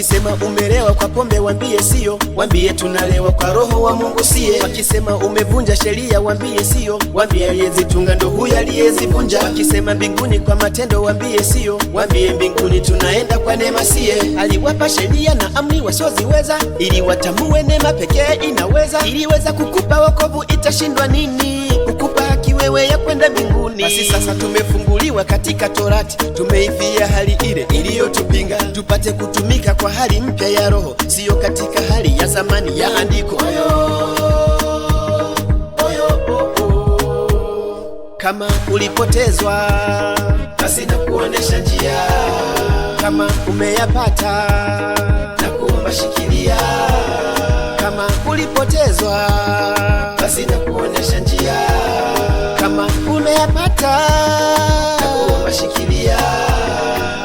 Wakisema umelewa kwa pombe, wambie sio, wambie tunalewa kwa roho wa Mungu sie. Wakisema umevunja sheria, wambie sio, wambie aliyezitunga ndo huyo aliyezivunja. Wakisema mbinguni kwa matendo, wambie sio, wambie mbinguni tunaenda kwa neema sie Aliwapa sheria na amri wasioziweza, ili watambue neema pekee inaweza. Iliweza kukupa wokovu, itashindwa nini kukupa kiwewe wewe kwenda mbinguni. Basi sasa tumefunguliwa katika Torati, tumeifia hali ile iliyotupinga, tupate kutumika kwa hali mpya ya roho, siyo katika hali ya zamani ya andiko. Kama ulipotezwa basi na kuonesha njia, kama umeyapata na kuomba shikilia, kama ulipotezwa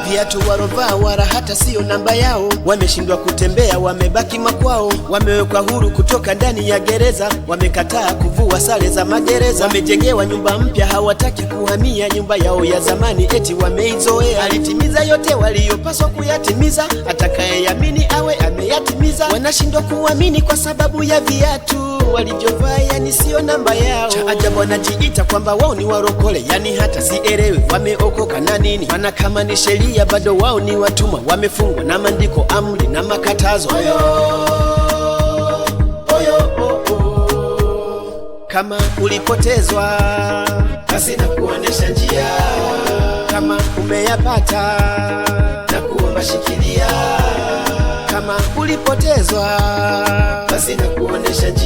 Viatu warovaa wara hata siyo namba yao, wameshindwa kutembea, wamebaki makwao, wamewekwa huru kutoka ndani ya gereza, wamekataa kuvua sare za magereza, wamejengewa nyumba mpya, hawataki kuhamia nyumba yao ya zamani, eti wameizoea. Alitimiza yote waliyopaswa kuyatimiza, atakayeamini awe ameyatimiza. Wanashindwa kuamini kwa sababu ya viatu walivyovaa, yani sio namba yao. Cha ajabu wanajiita kwamba wao ni warokole, yani hata sielewi wameokoka na nini, maana kama ni sheria bado wao ni watumwa, wamefungwa na maandiko, amri na makatazo Oyo. Kama ulipotezwa basi na kuonesha njia, kama umeyapata na kuomba shikilia. Kama ulipotezwa basi na kuonesha njia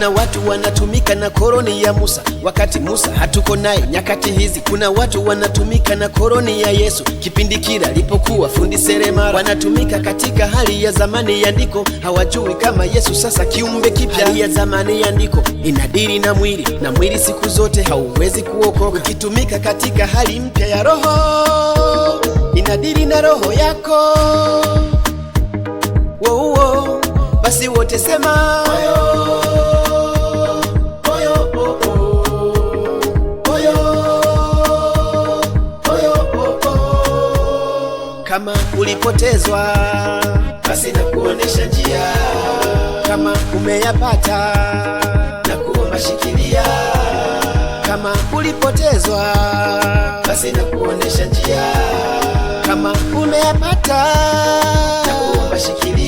Kuna watu wanatumika na koroni ya Musa, wakati Musa hatuko naye nyakati hizi. Kuna watu wanatumika na koroni ya Yesu, kipindi kile alipokuwa fundi seremala. Wanatumika katika hali ya zamani ya ndiko, hawajui kama Yesu sasa kiumbe kipya. Hali ya zamani ya ndiko inadiri na mwili, na mwili siku zote hauwezi kuokoka. Ukitumika katika hali mpya ya roho, inadiri na roho yako Wouwo, basi wote sema kama ulipotezwa basi na kuonesha njia, kama umeyapata na kuomba shikilia, kama ulipotezwa basi na kuonesha njia, kama umeyapata na kuomba shikilia.